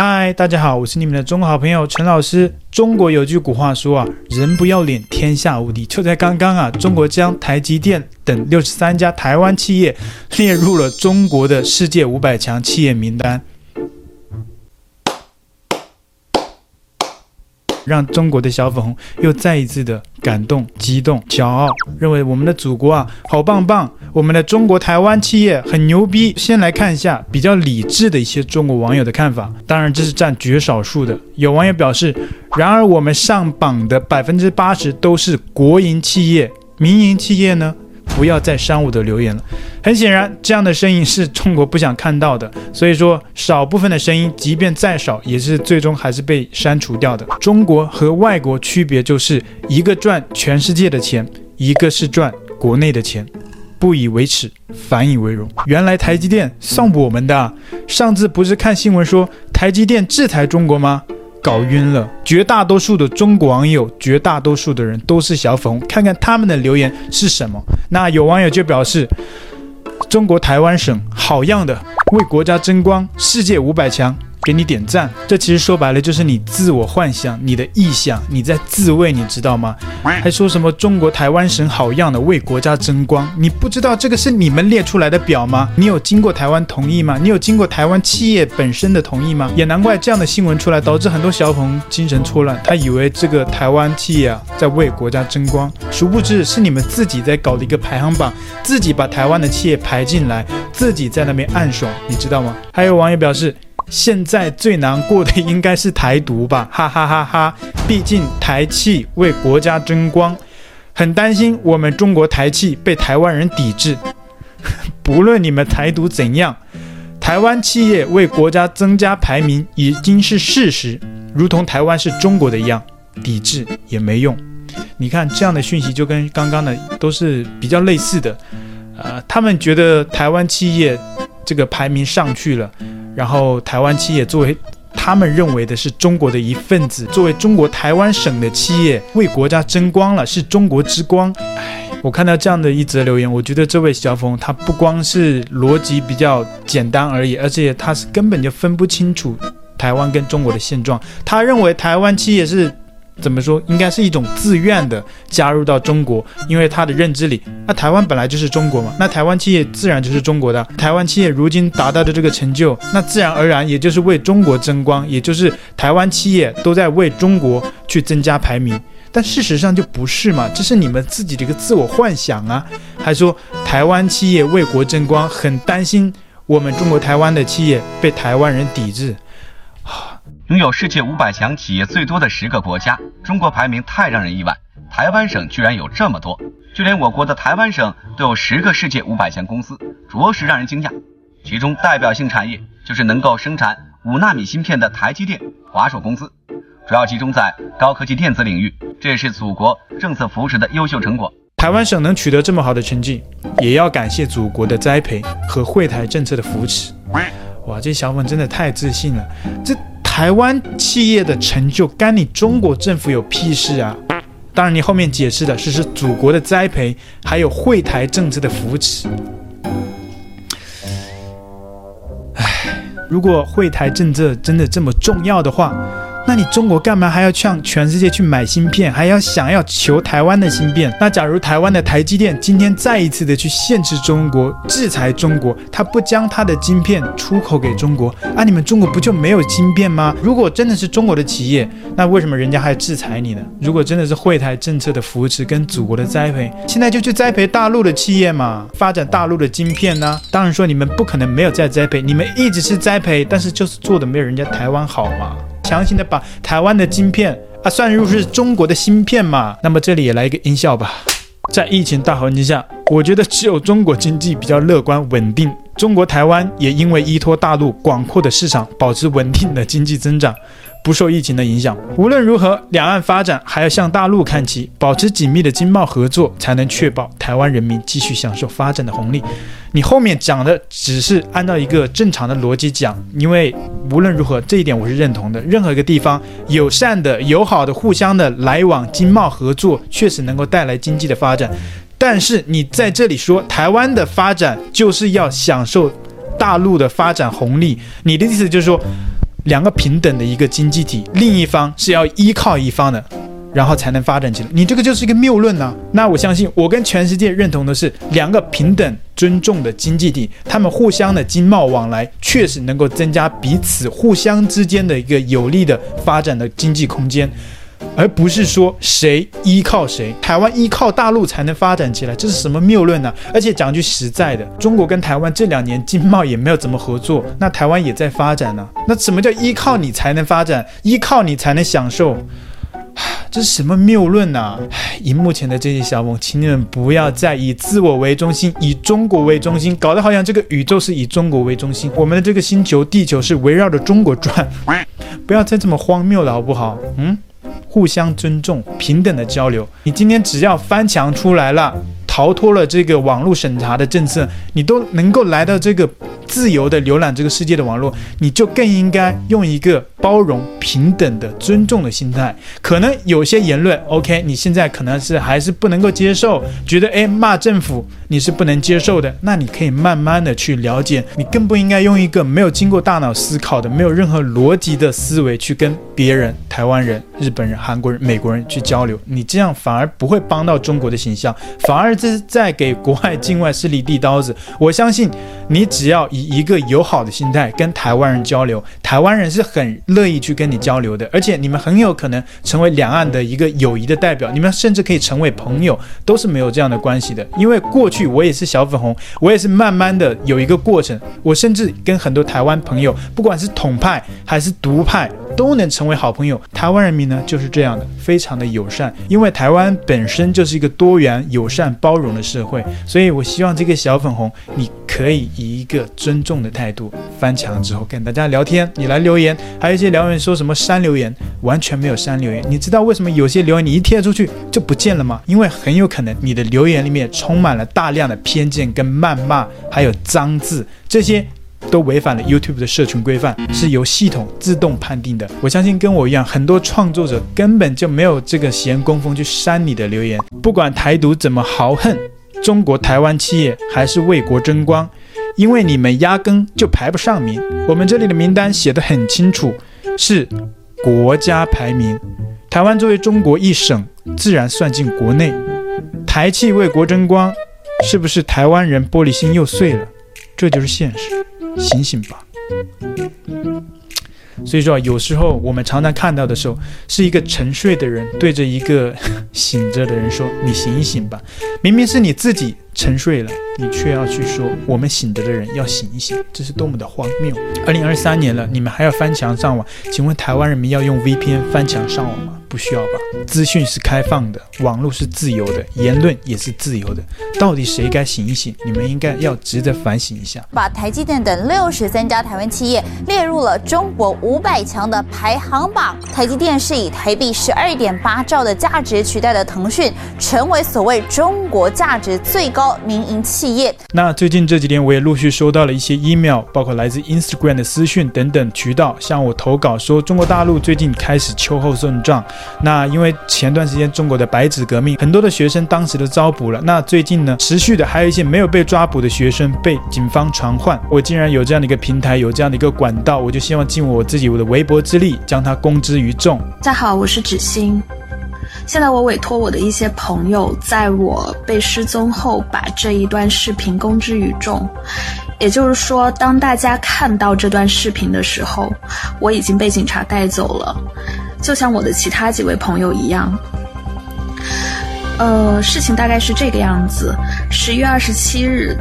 嗨，Hi, 大家好，我是你們的中國好朋友陳老師。中國有句古話說啊，人不要臉，天下無敵。就在剛剛啊，中國將台積電等六十三家台灣企業列入了中國的世界五百強企業名單，讓中國的小粉紅又再一次的感動、激動、驕傲，認為我們的祖國啊，好棒棒！我們的中國台灣企業很牛逼。先來看一下比較理智的一些中國網友的看法，當然這是占絕少數的。有網友表示：“然而我們上榜的百分之八十都是國營企業，民營企業呢？不要再刪我的留言了。”很顯然，這樣的聲音是中國不想看到的。所以說，少部分的聲音，即便再少，也是最終還是被刪除掉的。中國和外國區別就是一個賺全世界的錢，一個是賺國內的錢。不以為恥，反以為榮。原來台積電算不我們的啊。上次不是看新聞說台積電制裁中國嗎？搞暈了。絕大多數的中國網友，絕大多數的人都是小粉紅，看看他們的留言是什麼？那有網友就表示：“中國台灣省好樣的，為國家爭光，世界五百強。”給你點讚，這其實說白了就是你自我幻想、你的臆想，你在自慰，你知道嗎？還說什麼中國台灣省好樣的，為國家爭光？你不知道這個是你們列出來的表嗎？你有經過台灣同意嗎？你有經過台灣企業本身的同意嗎？也難怪這樣的新聞出來，導致很多小朋友精神錯亂，他以為這個台灣企業啊在為國家爭光，殊不知是你們自己在搞的一個排行榜，自己把台灣的企業排進來，自己在那邊暗爽，你知道嗎？還有網友表示。現在最難過的應該是台獨吧，哈哈哈哈！畢竟台企為國家爭光，很擔心我們中國台企被台灣人抵制。 不論你們台獨怎樣，台灣企業為國家增加排名已經是事實，如同台灣是中國的一樣，抵制也沒用。你看這樣的訊息就跟剛剛的都是比較類似的，呃，他們覺得台灣企業這個排名上去了。然後台灣企業作為他們認為的是中國的一份子，作為中國台灣省的企業為國家爭光了，是中國之光。哎，我看到這樣的一則留言，我覺得這位小粉紅他不光是邏輯比較簡單而已，而且他是根本就分不清楚台灣跟中國的現狀。他認為台灣企業是。怎麼說？應該是一種自願的加入到中國，因為他的認知裡，那台灣本來就是中國嘛，那台灣企業自然就是中國的。台灣企業如今達到的這個成就，那自然而然也就是為中國爭光，也就是台灣企業都在為中國去增加排名。但事實上就不是嘛，這是你們自己的一個自我幻想啊。還說台灣企業為國爭光，很擔心我們中國台灣的企業被台灣人抵制。擁有世界五百強企業最多的十個國家，中國排名太讓人意外。台灣省居然有這麼多，就連我國的台灣省都有十個世界五百強公司，着實讓人驚訝。其中代表性產業就是能夠生產五納米芯片的台積電、華碩公司，主要集中在高科技電子領域。這也是祖國政策扶持的優秀成果。台灣省能取得這麼好的成績，也要感謝祖國的栽培和惠台政策的扶持。哇，這小粉真的太自信了，這。台灣企業的成就幹你中國政府有屁事啊？當然，你後面解釋的是是祖國的栽培，還有惠台政策的扶持。唉，如果惠台政策真的這麼重要的話。那你中國幹嘛還要向全世界去買芯片，還要想要求台灣的芯片？那假如台灣的台積電今天再一次的去限制中國、制裁中國，它不將它的晶片出口給中國啊？你們中國不就沒有晶片嗎？如果真的是中國的企業，那為什麼人家還要制裁你呢？如果真的是惠台政策的扶持跟祖國的栽培，現在就去栽培大陸的企業嘛，發展大陸的晶片呢？啊？當然說你們不可能沒有在栽培，你們一直是栽培，但是就是做得沒有人家台灣好嘛。強行的把台灣的晶片啊算入是中國的芯片嘛？那麼這裡也來一個音效吧。在疫情大環境下，我覺得只有中國經濟比較樂觀穩定。中國台灣也因為依托大陸廣闊的市場，保持穩定的經濟增長，不受疫情的影響。無論如何，兩岸發展還要向大陸看齊，保持緊密的經貿合作，才能確保台灣人民繼續享受發展的紅利。你後面講的只是按照一個正常的邏輯講，因為無論如何，這一點我是認同的。任何一個地方友善的、友好的、互相的來往經貿合作，確實能夠帶來經濟的發展。但是你在這裡說台灣的發展就是要享受大陸的發展紅利，你的意思就是說兩個平等的一個經濟體，另一方是要依靠一方的，然後才能發展起來。你這個就是一個謬論吶。那我相信我跟全世界認同的是，兩個平等尊重的經濟體，他們互相的經貿往來確實能夠增加彼此互相之間的一個有利的發展的經濟空間。而不是說誰依靠誰，台灣依靠大陸才能發展起來，這是什麼謬論呢、啊？而且講句實在的，中國跟台灣這兩年經貿也沒有怎麼合作，那台灣也在發展呢、啊。那什麼叫依靠你才能發展，依靠你才能享受？這是什麼謬論呢、啊？唉，螢幕前的這些小粉紅，請你們不要再以自我為中心，以中國為中心，搞得好像這個宇宙是以中國為中心，我們的這個星球地球是圍繞着中國轉，喂，不要再這麼荒謬了，好不好？嗯。互相尊重、平等的交流。你今天只要翻牆出來了，逃脫了這個網絡審查的政策，你都能夠來到這個自由的瀏覽這個世界的網絡，你就更應該用一個包容、平等的尊重的心態。可能有些言論，OK，你現在可能是還是不能夠接受，覺得哎，罵政府。你是不能接受的，那你可以慢慢的去了解。你更不應該用一個沒有經過大腦思考的、沒有任何邏輯的思維去跟別人、台灣人、日本人、韓國人、美國人去交流。你這樣反而不會幫到中國的形象，反而這是在給國外境外勢力遞刀子。我相信，你只要以一個友好的心態跟台灣人交流，台灣人是很樂意去跟你交流的，而且你們很有可能成為兩岸的一個友誼的代表，你們甚至可以成為朋友，都是沒有這樣的關係的，因為過去。我也是小粉紅，我也是慢慢的有一個過程。我甚至跟很多台灣朋友，不管是統派還是獨派，都能成為好朋友。台灣人民呢，就是這樣的，非常的友善。因為台灣本身就是一個多元、友善、包容的社會，所以我希望這個小粉紅你，可以以一個尊重的態度翻牆之後跟大家聊天。你來留言，還有一些留言說什麼刪留言，完全沒有刪留言。你知道為什麼有些留言你一貼出去就不見了嗎？因為很有可能你的留言裡面充滿了大量的偏見跟謾罵，還有髒字，這些都違反了 YouTube 的社群規範，是由系統自動判定的。我相信跟我一樣，很多創作者根本就沒有這個閒工夫去刪你的留言，不管台獨怎麼豪橫。中國台灣企業還是為國爭光，因為你們壓根就排不上名。我們這裡的名單寫得很清楚，是國家排名。台灣作為中國一省，自然算進國內。台企為國爭光，是不是台灣人玻璃心又碎了？這就是現實，醒醒吧！所以說啊，有時候我們常常看到的時候，是一個沉睡的人對着一個醒着的人說：“你醒一醒吧！”明明是你自己。沉睡了，你卻要去說我們醒着的人要醒一醒，這是多麼的荒謬！二零二三年了，你們還要翻牆上網？請問台灣人民要用 VPN 翻牆上網嗎？不需要吧？資訊是開放的，網絡是自由的，言論也是自由的。到底誰該醒一醒？你們應該要值得反省一下。把台積電等六十三家台灣企業列入了中國五百強的排行榜。台積電是以台幣十二點八兆的價值取代了騰訊，成為所謂中國價值最高。民營企業。那最近這幾天，我也陸續收到了一些 email，包括來自 Instagram 的私訊等等渠道向我投稿，說中國大陸最近開始秋後算賬。那因為前段時間中國的白紙革命，很多的學生當時都遭捕了。那最近呢，持續的還有一些沒有被抓捕的學生被警方傳喚。我竟然有這樣的一個平台，有這樣的一個管道，我就希望盡我我自己我的微薄之力，將它公之於眾。大家好，我是芷欣。現在我委托我的一些朋友，在我被失蹤後，把這一段視頻公之於眾。也就是說，當大家看到這段視頻的時候，我已經被警察帶走了，就像我的其他幾位朋友一樣。呃，事情大概是這個樣子：十一月二十七日。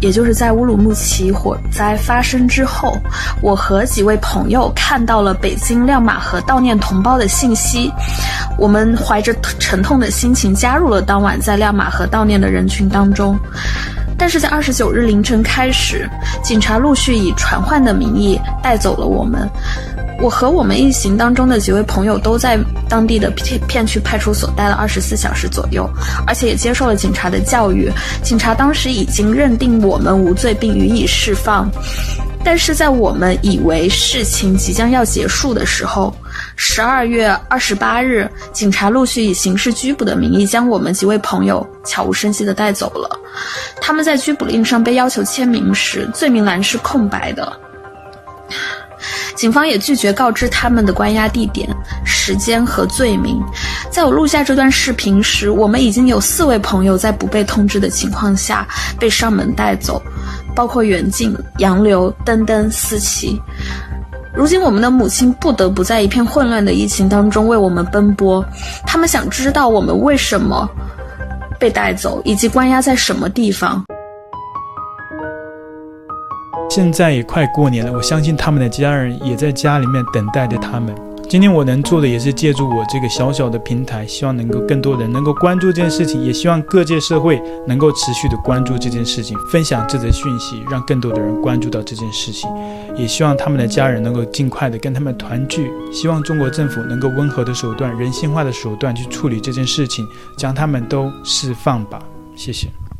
也就是在烏魯木齊火災發生之後，我和幾位朋友看到了北京亮馬河悼念同胞的信息，我們懷着沉痛的心情加入了當晚在亮馬河悼念的人群當中，但是在二十九日凌晨開始，警察陸續以傳喚的名義帶走了我們。我和我們一行當中的幾位朋友都在當地的片片區派出所待了二十四小時左右，而且也接受了警察的教育。警察當時已經認定我們無罪並予以釋放，但是在我們以為事情即將要結束的時候，十二月二十八日，警察陸續以刑事拘捕的名義將我們幾位朋友悄無聲息地帶走了。他們在拘捕令上被要求簽名時，罪名欄是空白的。警方也拒絕告知他們的關押地點、時間和罪名。在我錄下這段視頻時，我們已經有四位朋友在不被通知的情況下被上門帶走，包括袁靜、楊柳、登登、思琪。如今，我們的母親不得不在一片混亂的疫情當中為我們奔波。他們想知道我們為什麼被帶走，以及關押在什麼地方。現在也快過年了，我相信他們的家人也在家裡面等待着他們。今天我能做的也是借助我這個小小的平台，希望能夠更多的人能夠關注這件事情，也希望各界社會能夠持續的關注這件事情，分享這則訊息，讓更多的人關注到這件事情。也希望他們的家人能夠盡快的跟他們團聚，希望中國政府能夠溫和的手段、人性化的手段去處理這件事情，將他們都釋放吧。謝謝。